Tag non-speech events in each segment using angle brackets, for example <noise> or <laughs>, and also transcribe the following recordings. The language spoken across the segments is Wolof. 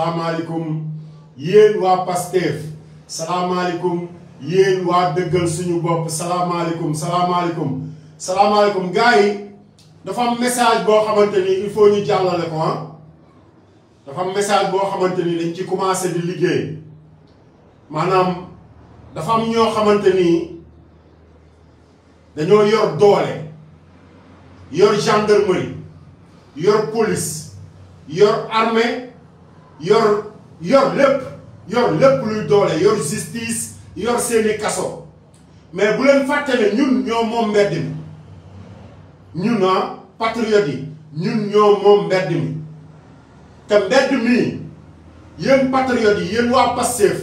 salaamaaleykum yéen waa Pastef salaamaaleykum yéen waa dëggal suñu bopp salaamaaleykum salaamaaleykum salaamaaleykum gars yi dafa message boo xamante ni il faut ñu jàllale ko ah dafa message boo xamante ni dañ ci commencé di liggéey maanaam dafa am ñoo xamante ni dañoo yor doole yor gendarmerie yor police yor armée le plus lepp yor luy doole justice yor seeni mais bu leen fàtte ne ñun ñoo moom mbedd Nous sommes ah, patriotes yi ñun ñoo moom mbedd mi te mbedd mii yéen patriotes yi yéen waa waxal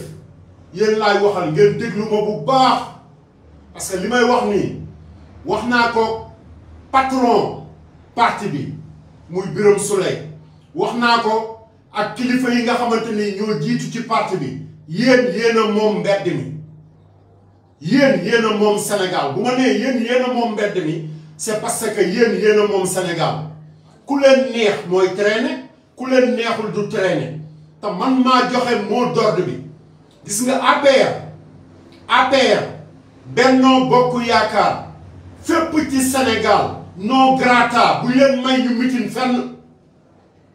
déglu parce que wax patron parti bi muy soleil. ak kilifa yi nga xamante ni ñoo jiitu ci parti bi yéen yéen a moom mbedd mi yéen yéen moom Sénégal bu ma nee yéen yéen moom mbedd mi c'est parce que yéen yéen a moom Sénégal ku leen neex mooy traîner ku leen neexul du traîner te man maa joxe mot d'ordre bi gis nga APR APR Benno Bokk Yaakaar fépp ci Sénégal non grata bu leen may ñu mitin fenn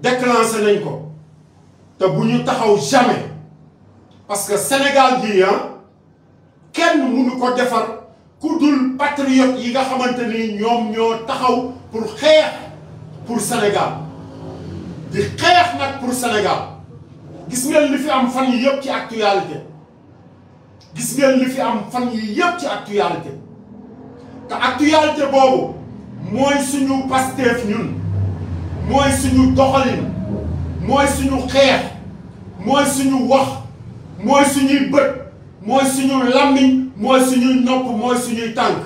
déclencher nañ ko te ne jamais parce que Sénégal gii un ah, kenn ko patriote yi nga xamanteni ñom ñoo taxaw pour le pour Sénégal di xeex nak pour Sénégal gis ngeen li fi am fan yi yépp ci actualité gis ngeen li fi am fan yi ci actualité actualité suñu mooy suñu doxalin mooy suñu xeex mooy suñu wax mooy suñuy bët mooy suñu làmmiñ mooy suñu nopp mooy suñuy tànk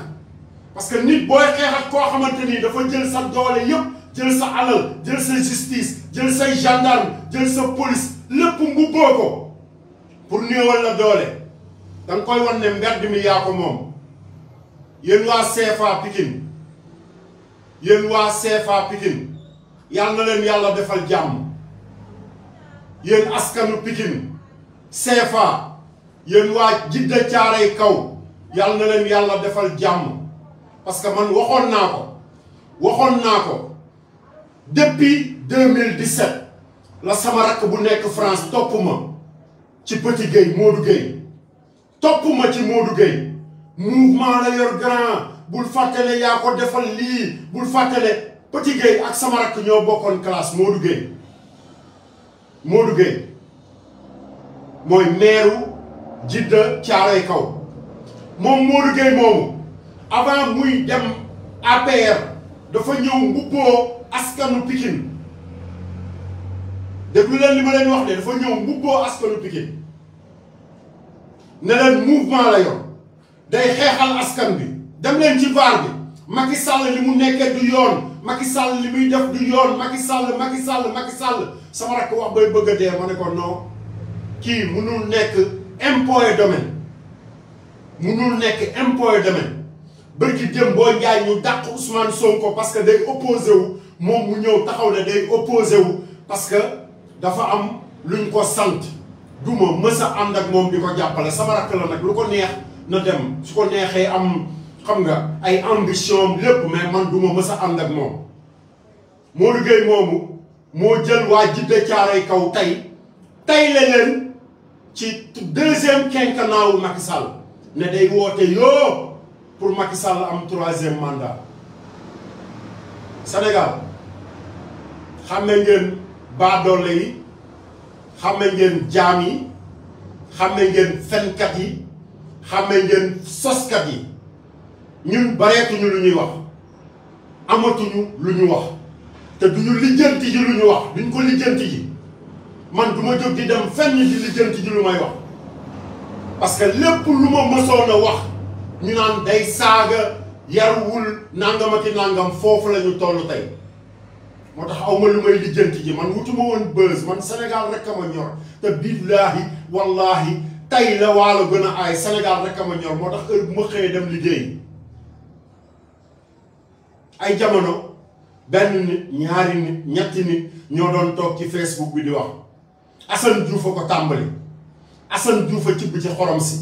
parce que nit booy xeex ak koo xamante nii dafa jël sa doole yëpp jël sa alal jël sa justice jël say gendarme jël sa police lépp mbubboo ko pour néewal la doole da nga koy wan ne mbedd mi yaa ko moom yéen waa CFA Pikine yéen waa CFA Pikine yalla na yalla defal jàmm yéen askanu Pikine CFA yéen waa Jidda Caaray Kaw yalla na yalla defal jàmm parce que man waxon nako waxon nako depuis 2017 la sama rak bu nek France topuma ci Petit Gueye Modou Gueye topuma ci Modou Gueye mouvement la yor grand boul fàttale yaa ko defal li boul fàttale Petit gay, ak sama rak ñoo bokkon classe Modou gay Modou gay moy meeru Jidda tiaray Kaw mom Modou gay mom avant muy dem APR dafa ñew ngubbo askanu Pikine déglu len li ma len wax de dafa ñew ngubbo askanu Pikine ne len mouvement la yor day xeexal askan bi dem len ci var bi Macky Sall li mu nekké du yoon Macky Sall li muy def du yoon Macky Sall Macky Sall Macky Sall sama rakk wax bay bëgg a dee ma ne ko non kii munul nekk impôt et domaine munul nekk impôt et domaine bërki jëm boo njaay ñu dàq Ousmane Sonko parce que day opposé wu moom mu ñëw taxaw ne day opposé wu parce que dafa am lu luñ ko sant duma mës a ànd ak moom di ko jàppale sama rakk la nag lu ko neex na dem su ko neexee am xam nga ay ambition lépp mais man du ma mës a ànd ak moom moo liggéey moomu moo jël waa jidde caaray kaw tey tey la leen ci deuxième quinquennat wu Macky Sall ne day woote yoo pour Macky Sall am troisième mandat senegal xam ne ngeen baadoole yi xam ne ngeen jaam yi xam ne ngeen fenkat yi xam ne ngeen soskat yi ñun bareetuñu lu ñuy wax amatuñu lu ñu wax te duñu lijjanti ji lu ñu wax duñ ko lijjanti ji man du ma jóg di dem fenn di lijjanti ji lu may wax parce lépp lu ma mësoon a wax ñu naan day saaga yaruwul nangam ak nangam foofu la ñu toll tey moo tax awma lu may lijjanti ji man wutuma woon bës man Sénégal rek a ma ñor te billaahi wallaahi tey la waalo gën a aay Sénégal rek a ma ñor moo tax heure bu ma xëyee dem liggéey ay jamono ben ñaari nit ñetti nit ño doon tok ci facebook bi di wax Assane Diouf ko tambali Assane Diouf ci bi ci xorom si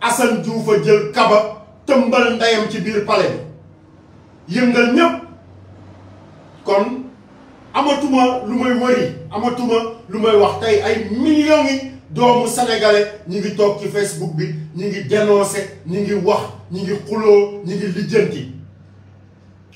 Assane Diouf jël kaba tembal ndayam ci bir palais yëngal ñep kon amatuma lu may wari amatuma lu may wax tay ay millions yi doomu sénégalais ñi ngi tok ci facebook bi ñi ngi dénoncer ñi ngi wax ñi ngi xulo ñi ngi lijeenti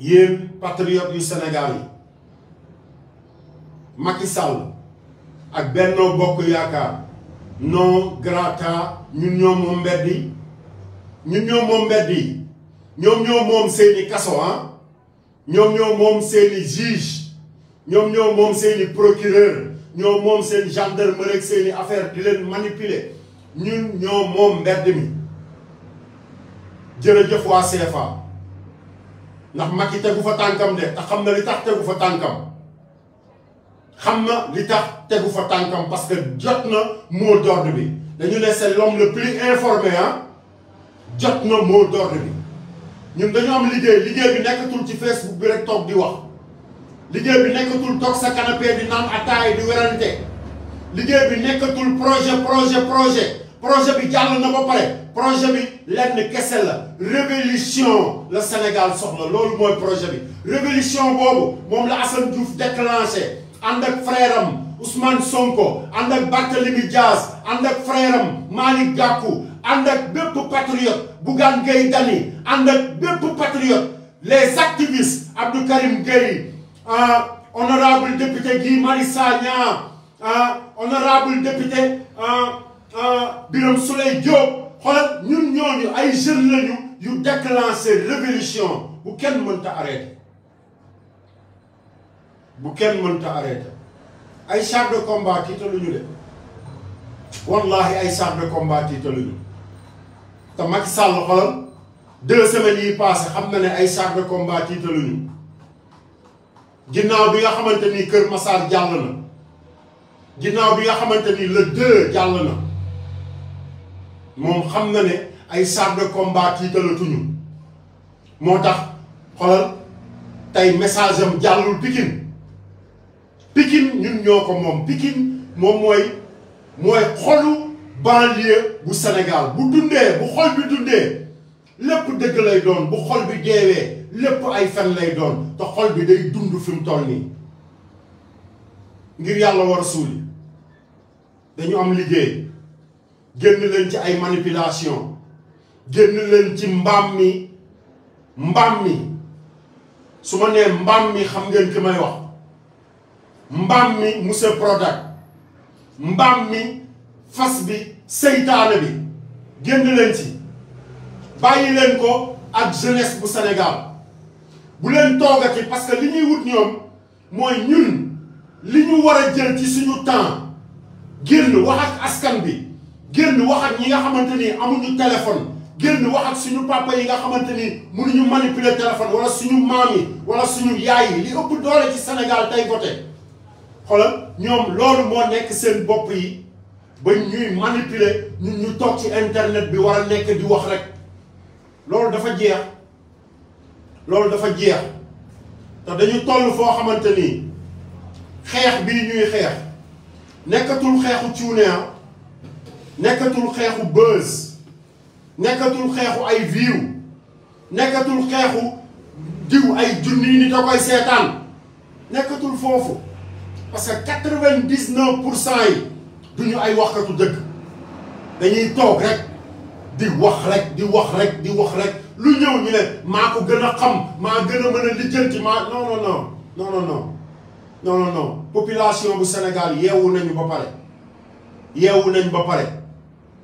yéen patriotes yu Sénégal yi Macky ak Benno Bokk Yaakaar non grata ñun ñoom moom mbedd yi ñoom moom ñoom moom seeni kaso ah ñoom ñoo moom seeni juge ñoom ñoo moom seeni procureur ñoo moom seen gendarmerie ak seeni affaire di leen manipuler ñun ñoo moom mbedd mi jërëjëf waa CFA ndax mag Macky tegu fa tànkam de te xam na li tax tegu fa tànkam xam na li tax tegu fa tànkam parce que jot na mot d'ordre bi dañu ne c'est l'homme le plus informé ah jot na mot d'ordre bi ñun dañu am liggéey liggéey bi nekkatul ci Facebook bi rek toog di wax liggéey bi nekkatul toog sa canapé di naan ataay di werante liggéey bi nekkatul projet projet projet projet bi jàll na ba pare projet bi lenn kessel la révolution le Sénégal le loolu moy projet bi révolution bobu Mom la Assane Diouf déclenché And ak frère Ousmane Sonko and ak Barthélemy Dias and ak frère Malik Gakou and ak bépp patriote bougan Gueye dani and ak patriote les activistes Abdou Karim Gueye euh, honorable député Guy Marissa Sagna euh, honorable député euh, Birame Soleil Diop nous ñun ñooñu jeunes yu révolution bu kenn arrêté bu kenn de combat wallahi ay chars de combat te Sall deux semaines yi passé xam na que ay chars de combat bi nga xamanteni keur Massar na bi nga xamanteni le deux na. moom xam na ne ay chars de combat tiitalatuñu moo tax xoolal tey message am jàllul Pikine Pikine ñun ñoo ko moom Pikine moom mooy mooy xolu banlieue bu Sénégal bu dundee bu xol bi dundee lépp dëgg lay doon bu xol bi deewee lépp ay fen lay doon te xol bi day dund fi toll nii ngir yàlla war a suuli dañu am liggéey génn leen ci ay manipulation génn leen ci mbam mi mbam mi su ma nee mbaam mi xam ngeen ki may wax mbam mi monsieur product mbam mi fas bi seytaane bi génn leen ci bàyyi leen ko ak jeunesse bu Sénégal bu leen ci parce que li ñuy wut ñoom mooy ñun li ñu war a jël ci suñu temps génn wax ak askan bi génn wax ak ñi nga xamante ni amuñu téléphone génn wax ak suñu papa yi nga xamante ni mënuñu manipuler téléphone wala suñu maam yi wala suñu yaay yi li ëpp doole ci Sénégal tey voté xoolal ñoom loolu moo nekk seen bopp yi ba ñuy manipuler ñun ñu toog ci internet bi war nekk di wax rek loolu dafa jeex loolu dafa jeex te dañu toll foo xamante ni xeex bii ñuy xeex nekkatul xeexu cuune ah. nekkatul xeexu buzz nekkatul xeexu ay view nekkatul xeexu diw ay junni nit a koy seetaan nekkatul foofu parce que quatre-vingt-dix-neuf pour cent yi du ñu ay waxatu dëgg dañuy toog rek di wax rek di wax rek di wax rek lu ñëw ñu ne maa ko gën a xam maa gën a mën a lijjanti maa non non non non non non non non non population bu Sénégal yeewu nañu ba pare yeewu nañ ba pare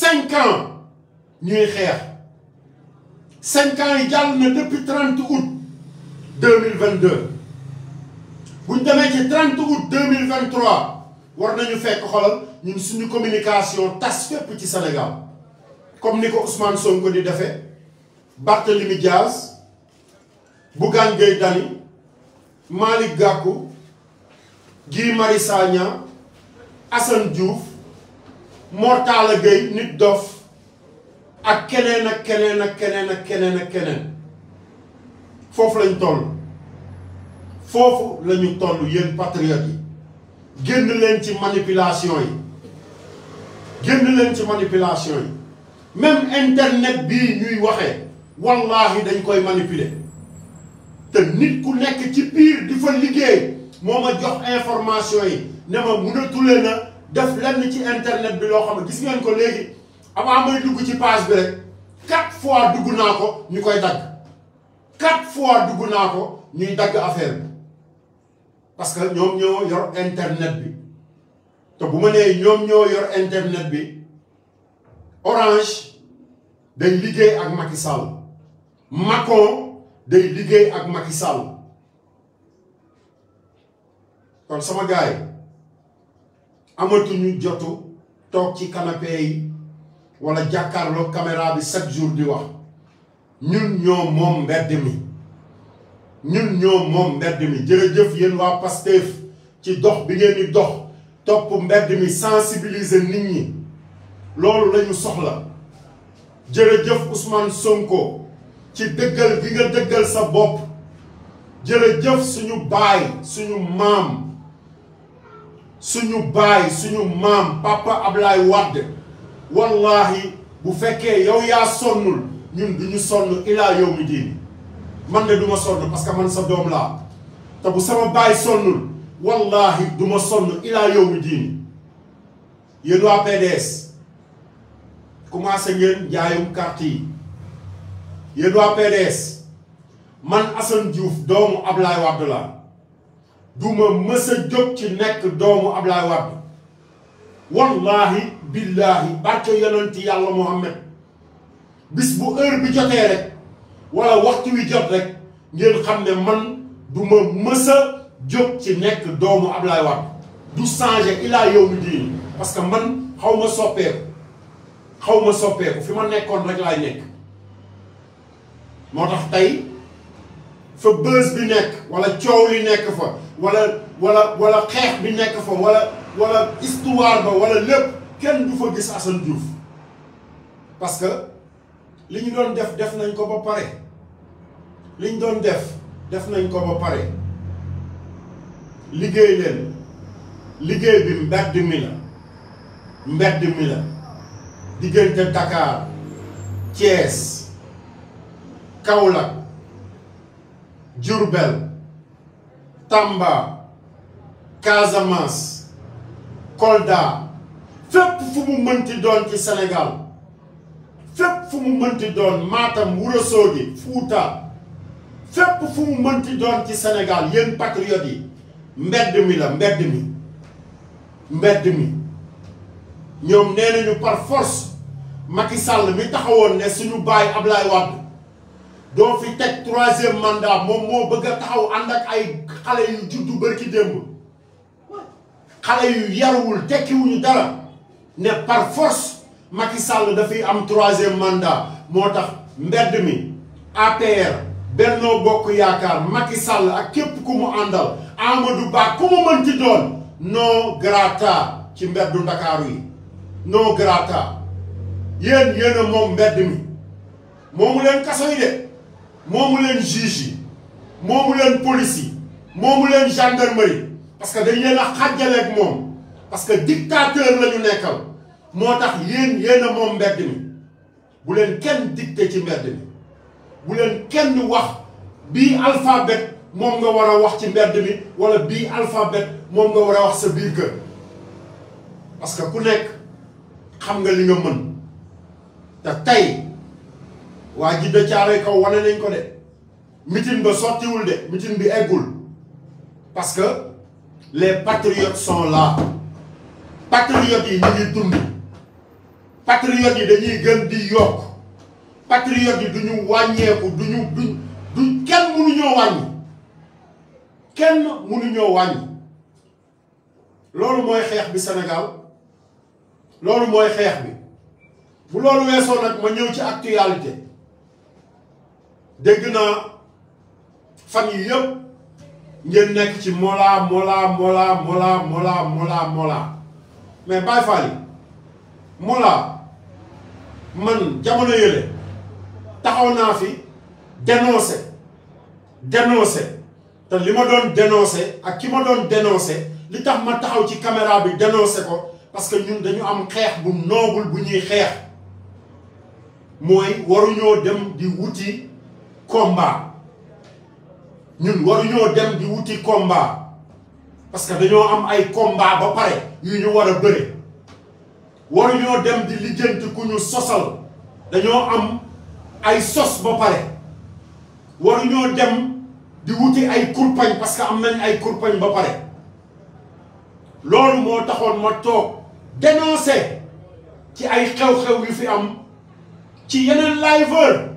5 ans ñuy sommes 5 ans yi jàll depuis 30 août 2022 Aujourd'hui, ñu 30 août 2023 Nous avons fait une ñun communication tas pour le Sénégal comme Nico Ousmane Sonko di Barthélemy Diaz Bougane Gueye Malik Gakou Guy Marisanya, Sagna Diouf Mortala Gueye nit dof ak keneen ak keneen ak keneen ak keneen keneen foofu lañ toll foofu la ñu toll yéen patriotes yi génn leen ci manipulation yi génn leen ci manipulation yi même internet bii ñuy waxee wallaahi dañ koy manipuler te nit ku nekk ci biir di fa liggéey moo ma jox information yi ne ma mënatu leen a def lenn ci internet bi loo xam ne gis ngeen ko léegi avant may dugg ci page bi rek quatre fois dugg naa ko ñu koy dagg quatre fois dugg naa ko ñuy dagg affaire bi parce que ñoom ñoo yor internet bi te bu ma nee ñoom ñoo yor internet bi Orange day liggéey ak Macky Sall Macron day liggéey ak Macky Sall kon sama gars yi amatuñu jotu toog ci canapé yi wala jàkkaarloo caméra bi chaque jour di wax ñun ñoo moom mbedd mi ñun ñoo moom mbedd mi jërëjëf yéen waa Pastef ci dox bi ngeen di dox topp mbedd mi sensibiliser nit ñi loolu lañu soxla jërëjëf Ousmane Sonko ci dëggal gi nga dëggal sa bopp jërëjëf suñu baay suñu maam suñu baay suñu maam papa Ablaye Wade wallahi bu fekkee yow yaa sonnul ñun du ñu sonn ilaa yow mi diin man de du ma sonn parce man sa doom laa te bu sama baay sonnul wallahi du ma sonn ilaa yow mi diin yéen waa PDS ngeen jaayum carte yi yéen waa PDS man Assane Diouf doomu Ablaye Wade laa du ma mës jóg ci nekk doomu Ablaye Wade wallahi billahi barke yonenti yàlla Muhammad bis bu heure bi jotee rek wala waxtu wi jot rek ngeen xam ne man du ma mës jóg ci nekk doomu Ablaye Wade du changé ilaa yow mi parce que man xaw ma soppeeku xaw ma soppeeku fi ma nekkoon rek laay nekk moo tax tey fa bës bi nekk walla coow li nekk fa wala walla walla xeex bi nekk fa wala wala histoire ba wala lépp kenn du fa gis Assane Diouf parce que li ñu doon def def nañ ko ba pare li ñu doon def def nañ ko ba pare liggéey leen liggéey bi mbedd mi la mbedd mi la diggante Dakar Thiès Kaolack Jurbel, Tamba Casamance Kolda fep fu mu mënti doon ci Sénégal fep fu mu mata doon Matam Wourossogi, Fouta fep fu mu mënti doon ci Sénégal yeen patriote yi mbedd mi la mbedd mi mbedd mi ñom par force Macky Sall mi taxawoon ne suñu baye Ablaye Wade doo fi teg troisième mandat moom moo bëgg a taxaw ànd ak ay xale yu juddu bërki démb xale yu yaruwul tekkiwuñu dara ne par force Macky Sall dafay am troisième mandat moo tax mbedd mi APR Benno Bokk Yaakaar Macky Sall ak képp ku mu àndal Amadou Ba ku mu mënti doon non grata ci mbeddu Ndakaaru yi non grata yéen yéen moom mbedd mi moomu leen kaso de Mon moulin juge mon moulin leen police moulin gendarmerie parce que dañ leen a xàjjaleeg moom parce que dictateur la ñu nekkal moo tax yéen yéen a moom mbedd mi bu leen kenn dicté ci mbedd mi bu leen kenn wax bii alphabet mon nga war a wax ci mbedd mi wala bi alphabet mon nga war a wax sa kër parce que ku nekk xam nga li nga mën waa jidda caaroy kaw wane nañ ko de mitin ba sottiwul de mitin bi egul. parce que les patriotes sont là patriotes yi ñu ngi dund patriotes yi dañuy gën di yok. patriotes yi duñu wàññeeku duñu duñ du kenn mënuñoo wàññi kenn mënuñoo wàññi loolu mooy xeex bi Senegal. loolu mooy xeex bi bu loolu weesoo nag ma ñëw ci actualité dégg naa fan yi yëpp ngeen nekk ci mola mola mola mola mola mola mola mais Baye yi mola man jamono yële taxaw naa fi dénoncé dénoncé te li ma doon dénoncé ak ki ma doon dénoncé li tax ma taxaw ci caméra bi dénoncé ko parce que ñun dañu am xeex bu noobul bu ñuy xeex mooy waruñoo dem di wuti combat ñun waruñoo dem di wuti komba parce que dañoo am ay combat ba pare yu ñu war a bëre waruñoo dem di lijjanti ku ñu sosal dañoo am ay sos ba pare waruñoo dem di wuti ay kurpañ parce que am nañ ay kurpañ ba pare loolu moo taxoon ma toog dénoncé ci ay xew-xew yu fi am ci yeneen liveur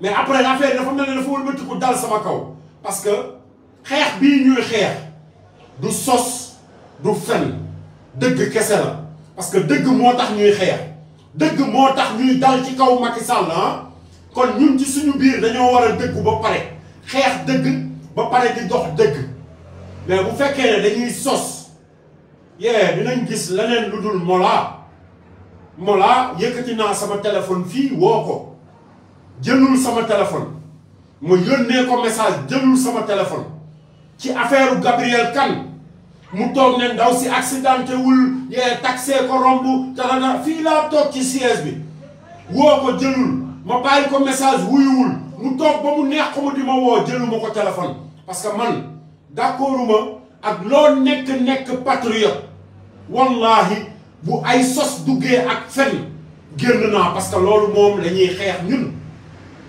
mais après l'affaire dafa mel ne dafa dal sama kaw parce que xeex bi ñuy xeex du sos du fen dëgg kese parce que dëgg moo tax ñuy xeex dëgg moo ñuy dal ci kaw Macky Sall ah kon ñun ci suñu biir dañoo war a ba pare xeex dëgg ba pare di dox dëgg mais bu fekkee ne dañuy sos yee dinañ gis leneen lu dul mola sama téléphone fii woo ko jëlul sama téléphone ma yónnee ko message jëlul sama téléphone ci affaire Gabriel Kane mu toog ne ndaw si accidenté wul yee taxé ko romb talana fii laa toog ci siège bi woo ko jëlul ma bàyyi ko message wuyuwul mu toog ba mu neex ko mu di ma woo jëluma ko téléphone parce que man d'accorduma ak loo nekk-nekk patriote wallahi bu ay sos duggee ak fen génn naa parce que loolu moom lañuy xeex ñun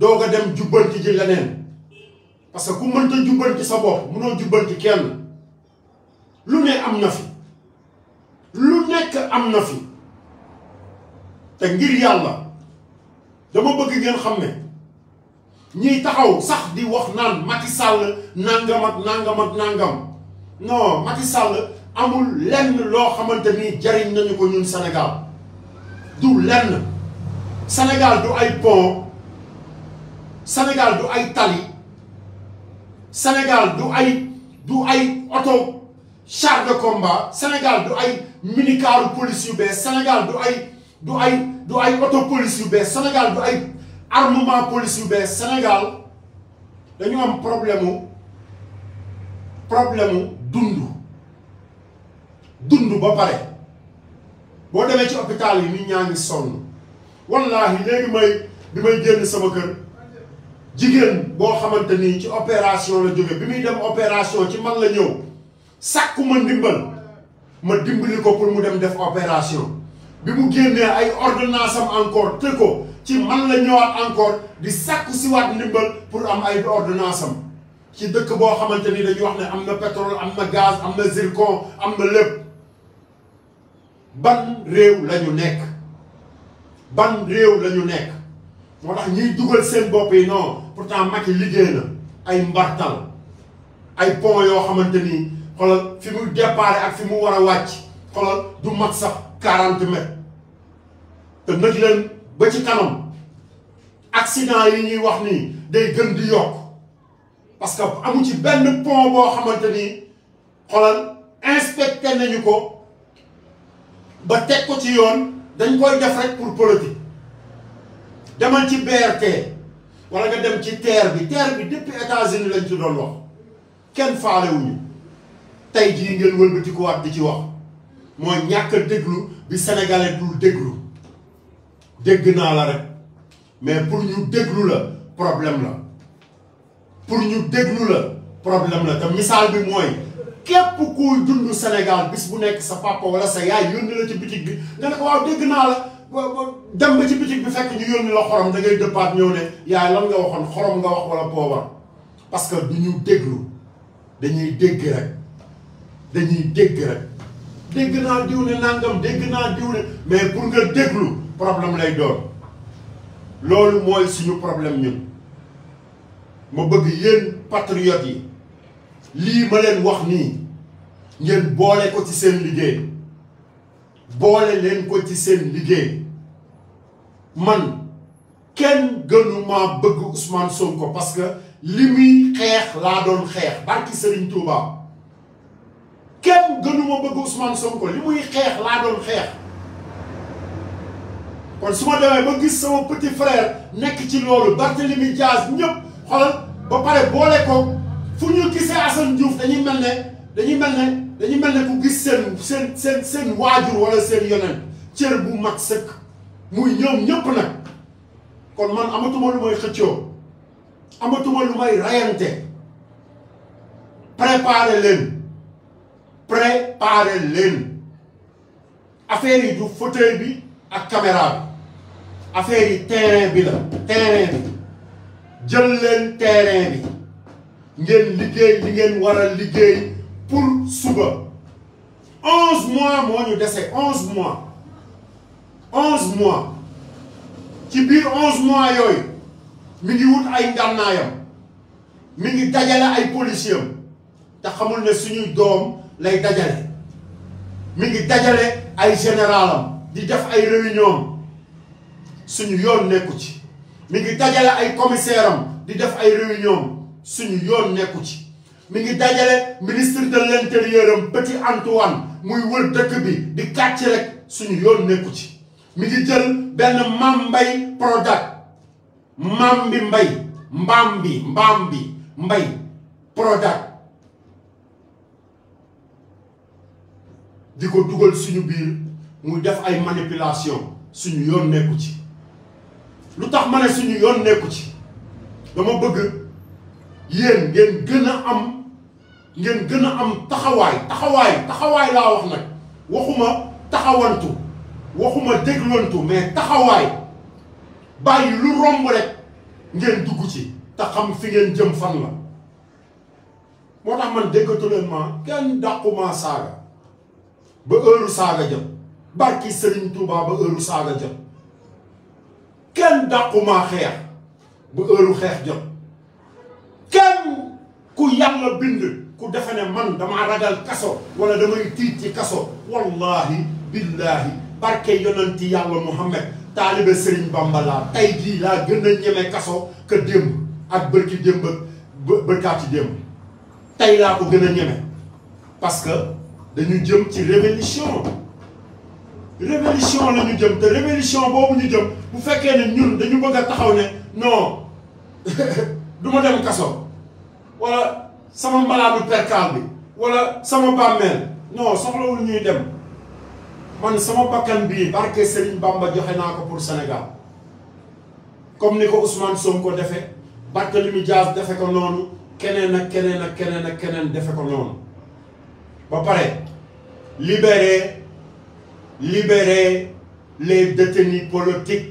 do nga dem ci ji lenen parce que ku mënta ci sa bopp mënoo ci kenn lu ne am na fi lu nek am na fi te ngir yalla dama bëgg ngeen xam ñi taxaw sax di wax naan Macky Sall nangam ak nangam ak nangam non Macky Sall amul lenn lo xamanteni jariñ nañu ko ñun Sénégal du lenn Sénégal du ay pont Sénégal du ay tali Sénégal du ay du ay oto char de combat Sénégal du ay minicaaru police yu bees Sénégal du ay du police yu bees Sénégal du ay armement police yu bees Sénégal dañu am problème mu problème mu dund ba pare boo demee ci hôpital yi nit ñaa ngi sonn wallaahi may bi may génn sama kër. jigéen boo xamante ni ci opération la jóge bi muy dem opération ci man la ñëw sàkku ma ndimbal ma dimbali ko pour mu dem def opération bi mu génnee ay ordonnance encore te ko ci man la ñëwaat encore di sàkku si waat ndimbal pour am ay ordonnance ci dëkk boo xamante ni dañu wax ne am na pétrole am na gaz am na zircon am na lépp ban réew la ñu nekk ban réew lañu nekk moo tax ñiy dugal seen bopp yi pour pourtant Macky liggéey na ay mbartal ay pont yoo xamante ni xoolal fi mu départ ak fi mu war a wàcc xoolal du mat sax quarante mètres te nag leen ba ci kanam accident yi ñuy wax nii day gën di yokk parce que amu ci benn pont boo xamante ni xoolal inspecté nañu ko ba teg ko ci yoon dañ koy def rek pour politique. demal ci BRT wala nga dem ci terre bi terre bi depuis États-Unis lañ ci doon wax kenn faalewuñu tey jii ngeen wëlbatikuwaat di ci wax mooy ñàkk a déglu bi sénégalais dul déglu dégg naa la rek mais pour ñu déglu la problème la pour ñu déglu la problème la te misaal bi mooy képp kuy dund Sénégal bis bu nekk sa papa wala sa yaay yónni la ci bitig bi nga ne waaw dégg naa la dem ba ci bitig bi fekk ñu yónni la xorom da ngay dëppaat ñëw ne yaay lan nga waxoon xorom nga wax wala poobar parce que du ñu déglu dañuy dégg rek dañuy dégg rek dégg naa diw ne nangam dégg naa diw mais pour nga déglu problème lay doon loolu mooy suñu problème ñun ma bëgg yéen patriotes yi lii ma leen wax nii ngeen boole ko ci seen liggéey bolé leen ko ci seen man kenn gënuma bëgg Ousmane Sonko parce que li muy la doon xeex barki Serigne Touba kenn gënuma bëgg Ousmane Sonko limuy muy la doon xeex kon suma ma ba gis sama petit frère nek ci lolu loolu limi Diaz ñëpp xol ba paré bolé ko fu ñu gisee Assane Diouf dañuy melné dañuy melné dañu mel ne ku gis seen seen seen seen waajur wala seen yonent cër bu mag sëkk muy ñoom ñëpp nag kon man amatuma lu may xëccoo amatuma lu may rayante préparer leen préparer du fauteuil bi ak caméra bi affaire yi terrain bi la terrain bi jël leen terrain bi ngeen liggéey li ngeen war a liggéey pour Souba. 11 mois moi nous d'essai, 11 mois 11 mois Qui biir 11 mois yooyu mi ngi wut ay mi ngi policiers te xamul ne doom lay dajale mi ngi dajale ay généralam di def réunion suñu yoon ci mi commissaire réunion mi ngi dajale ministre de l'intérieur am petit Antoine muy wër dëkk bi di kàcc rek suñu yoon nekku ci mi ngi jël benn mam mbay Prodac mam bi mbay mbaam bi mbay Prodac di ko dugal suñu biir muy def ay manipulation suñu yoon nekku ci lu tax ma ne suñu yoon nekku ci dama bëgg yéen ngeen gën a am ngeen gën a am taxawaay taxawaay taxawaay laa wax nag waxuma taxawantu waxuma déglantu mais taxawaay bàyyi lu romb rek ngeen dugg ci te xam fi ngeen jëm fan la moo tax man déggatu leen ma kenn dàqumaa saaga ba heure saaga jëm barki Serigne Touba ba heure saaga jëm kenn dàqumaa xeex ba heure xeex jëm kenn ku yàlla bind ku defe ne man damaa ragal kaso wala damay tiit ci kaso wallahi billahi barke yonanti yàlla Muhammad taalibe Serigne Bamba laa tey jii laa gën a ñeme kaso que démb ak bërki démb ak bërkaati démb tey laa ko gën a ñeme parce que dañu jëm ci révolution révolution la ñu jëm te révolution boobu ñu jëm bu fekkee ne ñun dañu bëgg a taxaw ne non <laughs> du dem kaso wala sama ça wala sama mal non soxlawul ñuy dem man sama Serigne Bamba pour Sénégal comme Ousmane Sonko fait... ko kenen ak kenen ak kenen ak kenen ko ba paré libérer libérer les détenus politiques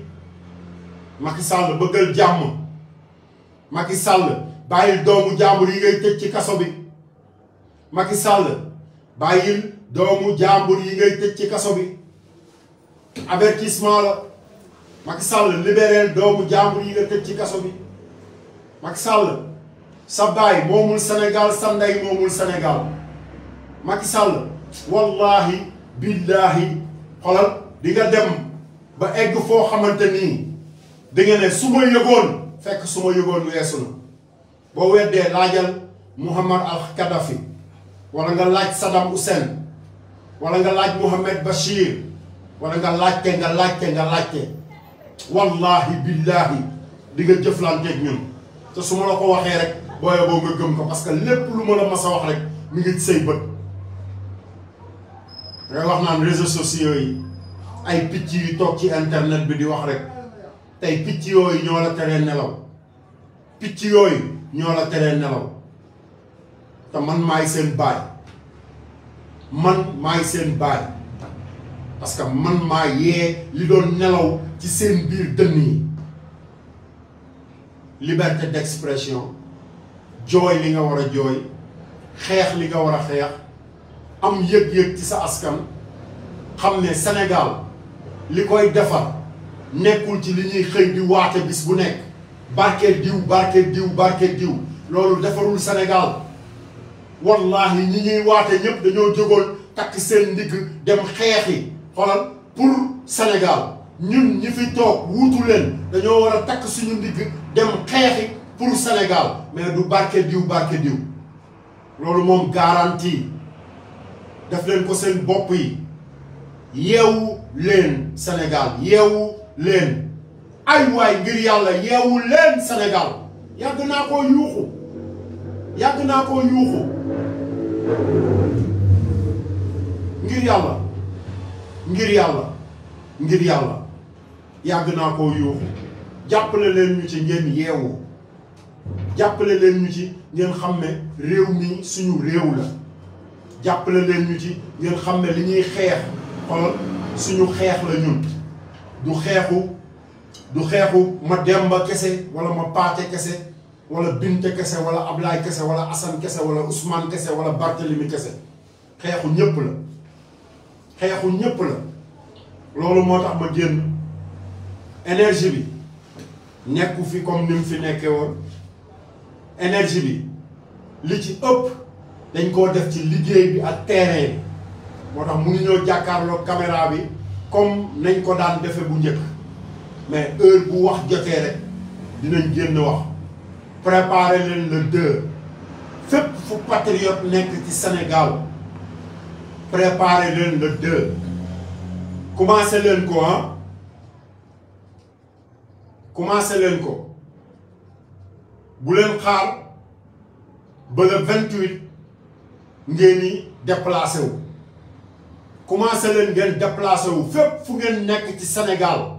Macky Sall bàyyil doomu jàmbur yi ngay tëj ci kaso bi Macky Sall bàyyil doomu jàmbur yi ngay tëj ci kaso bi avertissement la Macky Sall libéreel doomu jàmbur yi nga tëj ci kaso bi Macky Sall sa baay moomul Sénégal sa ndey moomul Sénégal Macky Sall wallaahi billaahi xolal di dem ba egg foo xamante nii di nga ne su ma yëgoon fekk su ma yëgoon weesu na boo weddee laajal Mouammar al-Kadhafi wala nga laaj Saddam Hussein wala nga laaj Mohamed Bachir walla nga laajte nga laajte nga laajte wallahi billahi di nga jëflanteeg ñun te su ma la ko waxee rek booyee boo nga gëm ko parce que lépp lu ma la mas a wax rek mi ngi say bët ngay wax naan réseaux sociaux yi ay picc yu toog ci internet bi di wax rek tey picc yooyu ñoo la teree nelaw picc yooyu ñoo la teree nelaw te man maay seen baay man maay seen baay parce que man maa yee li doon nelaw ci seen biir dënn yi liberté d'expression jooy li nga war a jooy xeex li nga war a xeex am yëg-yëg ci sa askan xam ne Sénégal li koy defar nekkul ci li ñuy xëy di waate bis bu nekk du, diw du. diw barke diw defarul Sénégal wallahi ñi ñi waté ñep dañoo takk seen ndig dem xolal pour Sénégal ñun ñi fi tok wuutu dañoo wara suñu dem pour Sénégal mais du barke diw barke diw mom garantie def leen ko seen bop yi Sénégal ay waay ngir yàlla yeewu leen Sénégal yàgg naa koo yuuxu yàgg naa koo yuuxu ngir yàlla ngir yàlla ngir yàlla yàgg naa koo yuuxu jàppale leen ñu ci ngeen yeewu jàppale leen ñu ci ngeen xam ne réew mi suñu réew la jàppale leen ñu ci ngeen xam ne li ñuy xeex xoolal suñu xeex la ñun du xeexu du xeexu ma Demba kese wala ma Paate kese wala Binte kese wala Ablaay kese wala Assane kese wala Ousmane kese wala Barthélemy kese xeexu ñépp la xeexu ñépp la loolu moo tax ma génn énergie bi nekku fi comme ni mu fi nekkee woon énergie bi li ci ëpp dañ koo def ci liggéey bi ak terrain bi moo tax mënuñoo jàkkaarloo caméra bi comme nañ ko daan defe bu njëkk mais heure bu wax jotee rek dinañ génn wax préparer leen le deux fep fu patriote nek ci Sénégal préparer leen le deux commencé leen ko hein commencé leen ko bu leen xaar ba le vingt-huit ngeen di déplacé wu commencé leen ngeen déplacé wu fépp fu ngeen nek ci Sénégal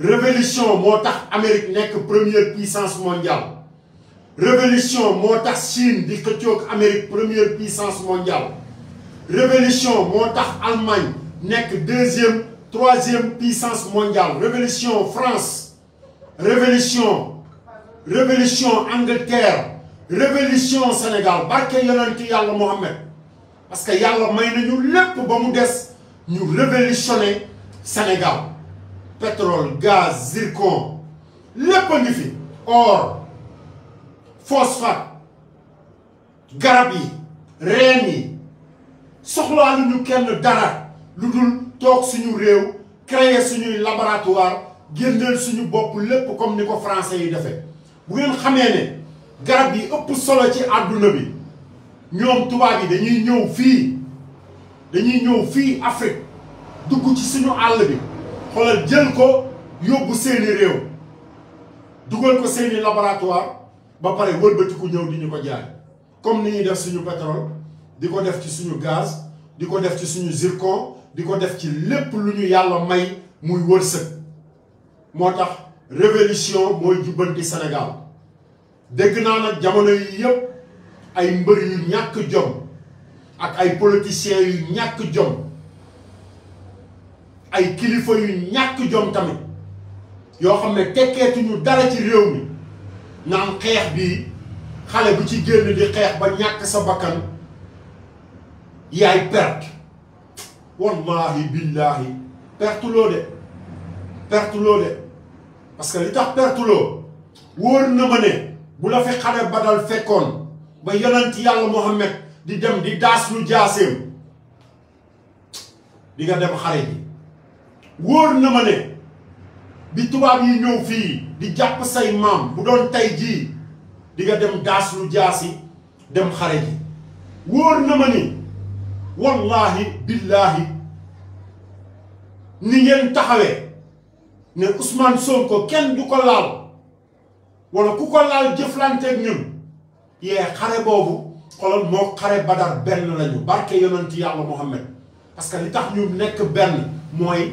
révolution motax Amérique première puissance mondiale révolution motax Chine di Amérique première puissance mondiale révolution motax Allemagne que deuxième troisième puissance mondiale révolution France révolution révolution Angleterre révolution Sénégal parce que yalla may nañu nous ba révolutionner Sénégal pétrole gaz zircon lépp a ngi fi or phosphate garabi, yi reen yi ñu kenn dara lu tok suñu réew créer suñuy laboratoire génneel suñu bop lepp comme niko français yi défé bu ngeen xamé né garab yi ëpp solo ci aduna bi ñom tuba bi dañuy ñëw fi dañuy ñëw fi Afrique dugg ci suñu all bi xoolal jël ko yóbbu seeni réew dugal ko seeni laboratoire ba pare wëlbatiku ñëw di ñu ko jaay comme ni ñuy def suñu pétrole di ko def ci suñu gaz di ko def ci suñu zircon di ko def ci lépp lu ñu yàlla may muy wërsëg moo tax révolution mooy jubbanti Sénégal dégg naa nag jamono yi yëpp ay mbër yu ñàkk jom ak ay politiciens yu ñàkk jom ay kilifa yu ñàkk jom tamit yoo xam ne tekkeetuñu dara ci réew mi naan xeex bi xale bu ci génn di xeex ba ñàkk sa bakkan yaay perte wallahi billahi perte de perte de parce que li tax perte loo wóor na ma ne bu la fi xare badal fekkoon ba yonent yàlla Muhammad di dem di daas lu jaaseem di nga dem xare bi wóor na ma ne bi tubaab yi ñëw fii di jàpp say maam bu doon tey jii dinga nga dem daas lu jaasi dem xare ji wóor na ma ni wallaahi billaahi ni ngeen taxawee ne Ousmane Sonko kenn du ko laal wala ku ko laal jëflanteeg ñun yee xare boobu xolal moo xare Badar benn lañu barke yonent yàlla Muhammad parce que li tax ñu nekk benn mooy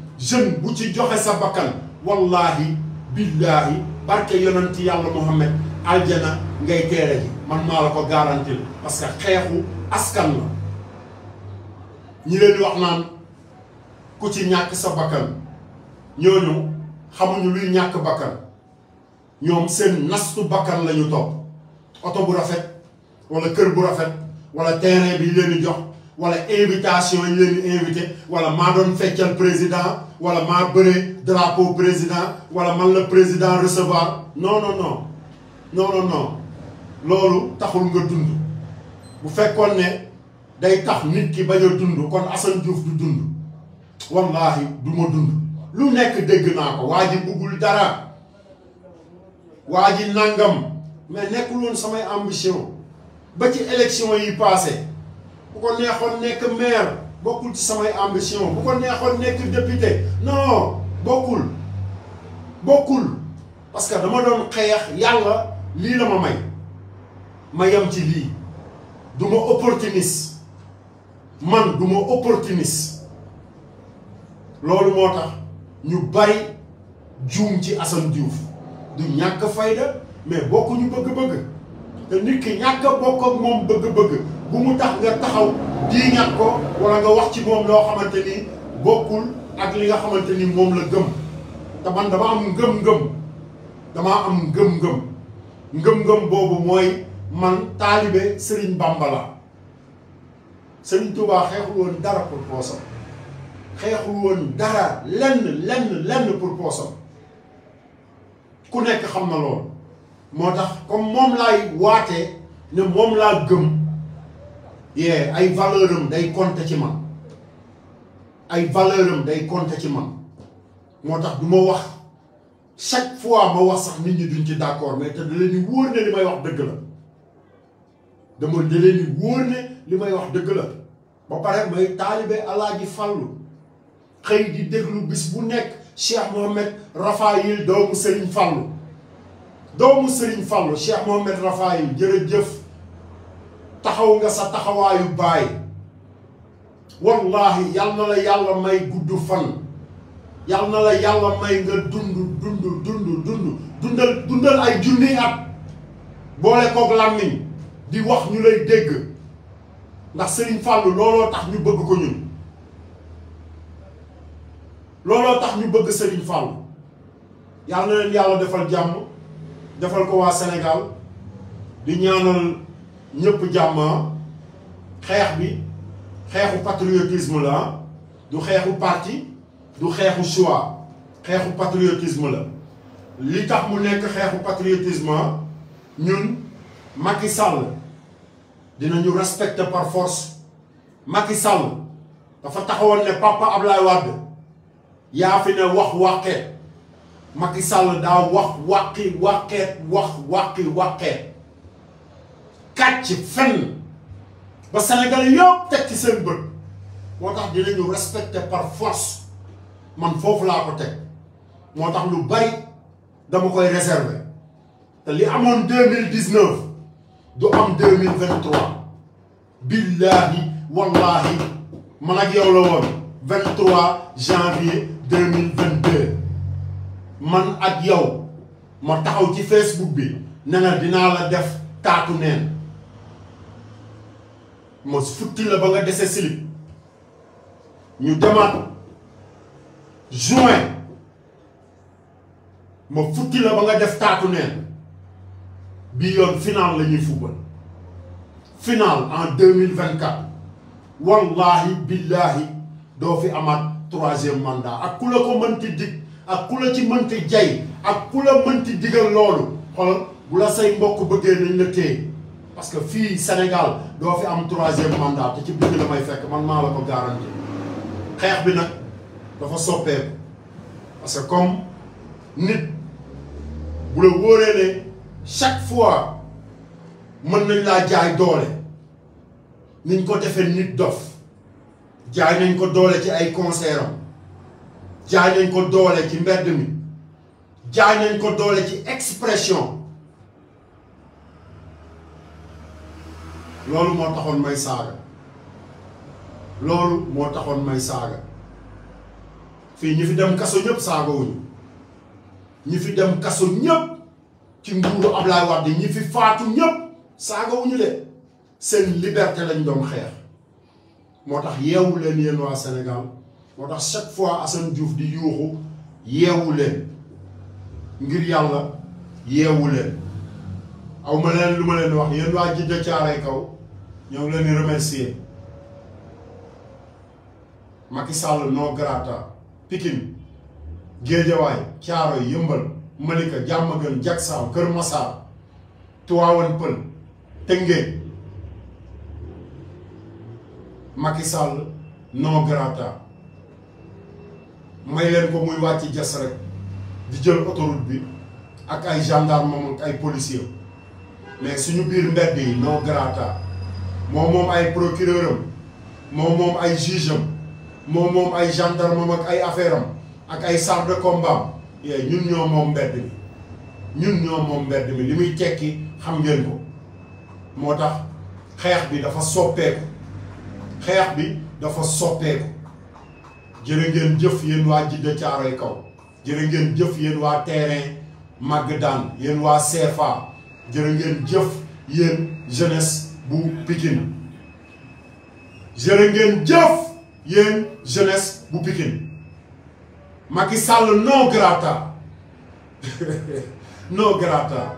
jeune bu ci joxe sa bakkan wallahi billahi barke yonanti yalla Muhammad aljana ngay téré ji man maa la ko garantir parce que xexu askan la ñi leen wax naan ku ci ñak sa bakkan ñoñu xamuñu luy ñak bakkan ñom seen nastu bakkan lañu top auto bu rafet wala kër bu rafet wala terrain bi leen jox wala invitation yi leen invité wala maa doon fecceel président wala ma bëree drapeau président wala man le président recevoir non non non non non non loolu taxul nga dund bu fekkone ne day tax nit ki bañ dund kon Assane Diouf du dund wallahi du ma dund lu nekk dégg nako ko bugul dara waa nangam mais nekkul woon samay ambition ba ci élection yi passé bu ko neexoon nekk maire beaucoup ci samay ambition bu ko neexoon nekk député non beaucoup, beaucoup. parce que dama doon xeex yàlla lii la ma may ma ci lii du ma opportuniste man du opportuniste loolu moo tax ñu bari juum ci Assane Diouf du ñak fayda mais ñu bëgg-bëgg te nit ki ñàkk a bokk ak moom bëgg-bëgg bu mu tax nga taxaw di ñàkk ko wala nga wax ci moom loo xamante ni bokkul ak li nga xamante ni moom la gëm te man dama am ngëm-ngëm damaa am ngëm-ngëm ngëm-ngëm boobu mooy man taalibe Serigne Bamba la Serigne Touba xeexul woon dara pour poosam xeexul woon dara lenn lenn lenn pour poosam ku nekk xam na loolu motax comme mom lay waté ne mom la gëm yé ay valeurum, day compter ci man ay valeurum day compter ci man motax tax du wax chaque fois ma wax sax nit ñi duñ ci d'accord mais té da leen woor né ne wax dëgg la dama da leen woor né ne wax dëgg la ba paré may taalibe Alaaji Fàllu xëy di déglu bis bu nek Cheikh Mohamed Raphaël doomu Serigne fallu. doomu Serigne Fallou Cheikh Mohamed Rafaay jërëjëf taxaw nga sa taxawaayu baay wallahi yal na la yàlla may gudd fan yal na la yàlla may nga dund dund dund dund dundal dundal ay junni at boole koog làmmiñ di wax ñu lay dégg ndax Serigne Fallou looloo tax ñu bëgg ko ñun looloo tax ñu bëgg sëriñ Fallou yal na leen yàlla defal jàmm. defal ko waa Sénégal di ñaanal ñëpp jàmm xeex bi xeexu patriotisme la du xeexu parti du xeexu choix xeexu patriotisme la li tax mu nekk xeexu patriotisme ñun Macky Sall dinañu respecter par force Macky Sall dafa taxawoon ne papa Ablaye Wade yaa fi ne wax waxee Macky Sall da wax waqi waqet wax waqi waqet katch fenn ba sénégal yop tek ci sen beut motax dinañu respecter par force man fofu la ko tek motax lu bari dama koy réserver té li amone 2019 do am 2023 billahi wallahi man ak yow la won 23 janvier 2023 man ak yow ma taxaw ci Facebook bi suis venu la def Je neen mo futti la ba nga slip ñu juin mo futti la ba nga def bi final la final en 2024, wallahi billahi do fi Facebook. troisième mandat ak ku la ak ku la ci mënti jay ak kula mën mënti digal loolu xoolal bu la say mbokk bëggee nañ la téye parce que fii Sénégal doo fi am troisième mandat te ci biir la may fekk man maa la ko garanti xeex bi nag dafa soppeeku parce que comme nit bu la wóoree ne chaque fois mën nañ laa jaay doole niñ ko defee nit dof jaay nañ ko doole ci ay concert am jaay nañ ko doole ci mbedd mi jaay nañ ko doole ci expression loolu moo taxoon may saaga loolu moo taxoon may saaga fii ñi fi dem kaso ñëpp saagawuñu ñi fi dem kaso ñëpp ci nguuru Ablaye Wade ñi fi faatu ñëpp saagawuñu de seen liberté lañ doon xeex moo tax yeewu leen yéen waa Sénégal moo tax chaque fois Assane Diouf di yuuxu yeewu leen ngir yàlla yeewu leen aw ma leen lu ma leen wax yéen waa Jidda Caaray Kaw ñoo ngi leen di remercier Macky Sall non grata Pikine Géejawaay Caaroy Yëmbal Malika Diamaguène Diacksao Kër Massar Tivaouane Peulh Tëngéej Macky Sall non grata may leen ko muy wàcc jas rek di jël autoroute bi ak ay gendarme ak ay policier mais suñu biir mbedd yi non grata moom moom ay procureur am moom moom ay juge am moom moom ay gendarme ak ay affaire am ak ay chars de combat yooyu ñun ñoo moom mbedd mi ñun ñoo moom mbedd mi li muy tekki xam ngeen ko moo tax xeex bi dafa soppeeku xeex bi dafa soppeeku jere ngeen jëf yéen waa jidda caaroy kaw jere ngeen jëf yeen wa terrain magdan yeen wa waa CFA ngeen jëf yeen jeunesse bu pikin, jere ngeen jëf yeen jeunesse bu pikin, Macky Sall non grata <laughs> non grata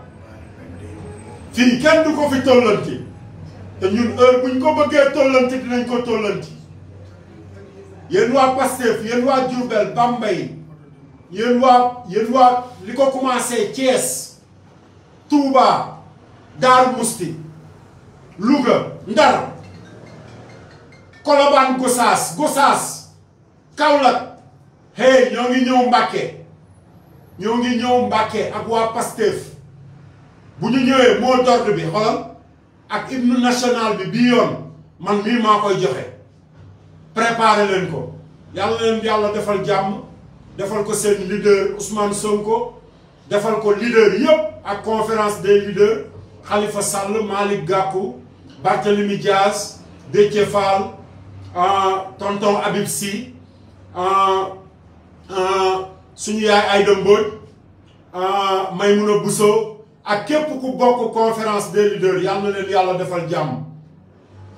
fi kenn du ko fi tollanti te ñun heure buñ ko bëggee tollanti dinañ ko tollanti yéen waa Pastef yéen waa Diourbel Bambey yéen waa yéen waa li ko commencé Thiès Touba Daaru Musti Louga Ndar Colobane Gossas Gossas Kaolack hey ñoo ngi ñëw Mbàkke ñoo ngi ñëw Mbàkke ak waa Pastef bu ñu ñëwee mot d'ordre bi xoolal ak hymne national bi yoon man mii maa koy joxe préparer leen ko yàlla leen yàlla defal jàmm defal ko seen leader Ousmane Sonko defal ko leader yëpp ak conférence des leaders Khalifa Sall Malick Gakou Barthélemy Diaz Déthié Fall ah, tonton Habib Sy ah, ah, suñu yaay Aïda Mbodj Maymouna Bousso ak képp ku bokk conférence des leaders yàlla leen yàlla defal jàmm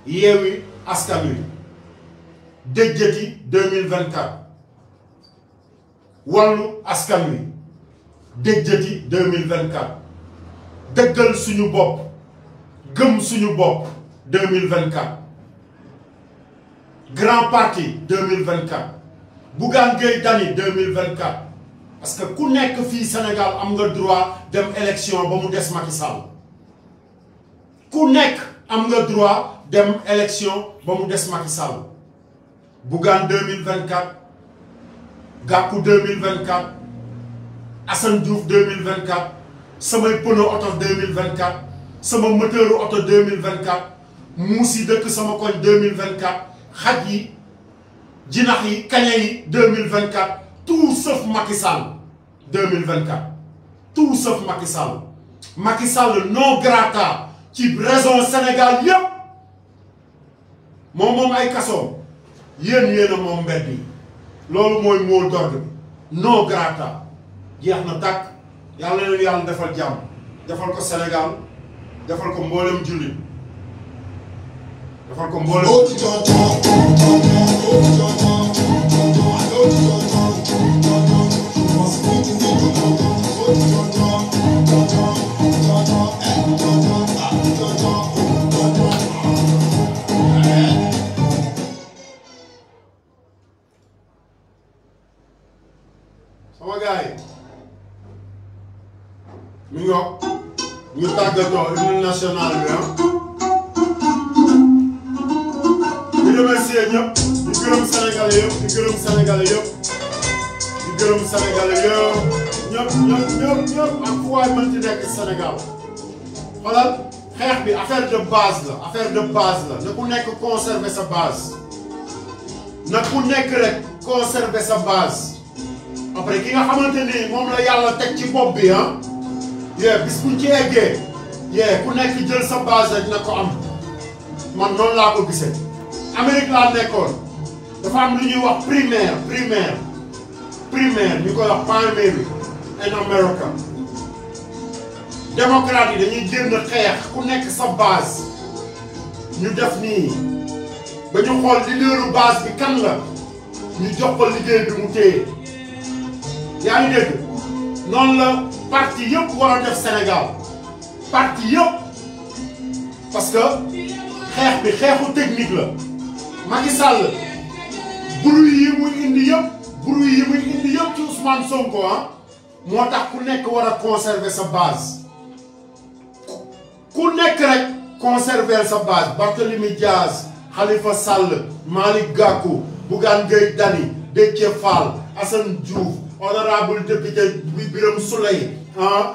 yeewi askan wi Déggeti 2024 Walu askan de 2024 dëggal suñu Bop Gum 2024 grand parti 2024 Bougan Dani 2024 parce que Kounek fille Sénégal a le droit d'une élection pour mu des Macky Sall le droit d'une élection pour mu Makisal. Bougan 2024 Gakou 2024 Assane Diouf 2024 samay Pono Auto 2024 sama moteur Auto 2024 Moussi de 2024 Hadi, Jinahi, Kanyei 2024 tout sauf Macky Sall 2024 tout sauf Macky Sall Macky Sall non grata qui raison Sénégal yépp mon moom ay yéen yéen a moom mbedd yi loolu mooy mot d'ordre bi non grata jeex na takk yàlla na leen yàlla defal jàmm defal ko Sénégal defal ko mboolem jullit defal ko mboolem. tàggatoo national Il le merci, Sénégalais Sénégalais Sénégalais Sénégal de base affaire de base conserver sa base Ne conserver sa base. après la yee ku nekk jël sa base rek na ko am man noonu laa ko gisee Amérique nekkoon dafa am lu ñuy wax primaire primaire primaire ñu koy wax primary en America démocrate dañuy génn xeex ku nekk sa base ñu def nii ba ñu xool leaderu base bi kan la ñu jox liggéey bi mu téye yaa ngi dégg noonu la parti yëpp war a def Sénégal parti parce que frère, frère au technique là, Macky Sall bruit yi bruit indi je ci Ousmane ah, conserver sa base conserver sa base Barthélemy Diaz Khalifa Sall Malik Gakou Bougane Gueye Dany Fall Assane Diouf honorable député Birame ah,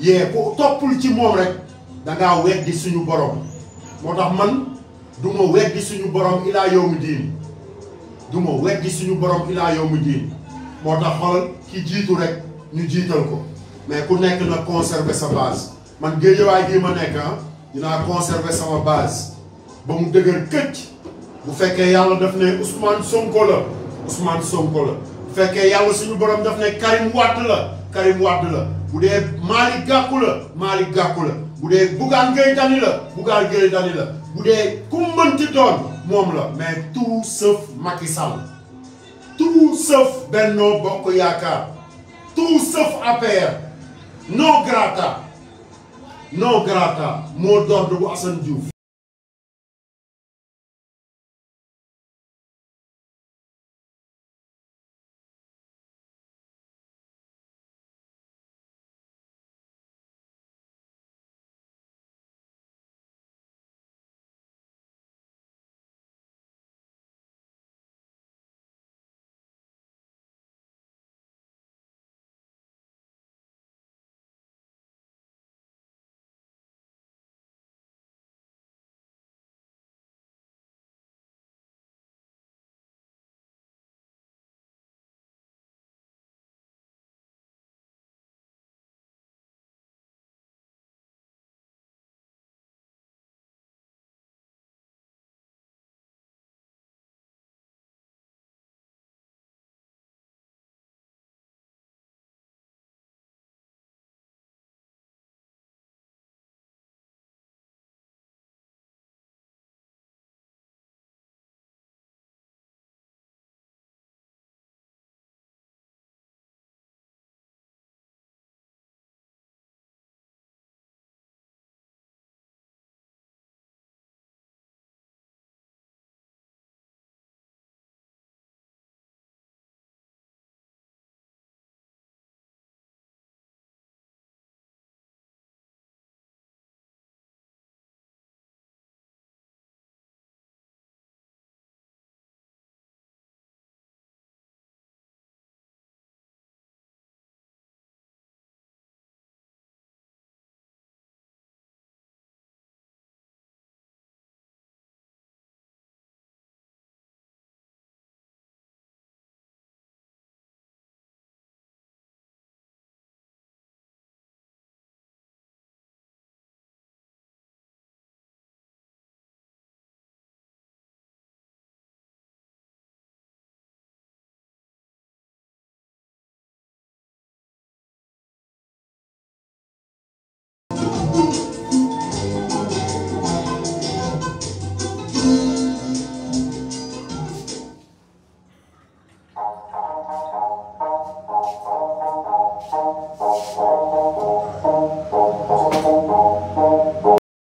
yee ku toppul ci moom rek dangaa weddi suñu borom moo tax man du ma weddi suñu borom ilaa yawmi diin du ma weddi suñu borom ilaa yawmi diin moo tax xoolal ki jiitu rek ñu jiital ko mais ku nekk na conserver sa base man géejawaay gii ma nekk ah, dinaa conserver sama base ba mu dëgër këcc bu fekkee yàlla daf ne Ousmane Sonko la Ousmane Sonko la fekkee yàlla suñu borom daf ne Karim Wade la Karim Wade la bu dee Malick Gakou la Malick Gakou la bu dee Bougane Gueye Dany la Bougane Gueye Dany la bu dee ku mënti doon moom la mais tout sauf Macky Sall tout sauf Benno Bokk Yaakaar tout sauf APR non grata non grata mot d'ordre bu Assane Diouf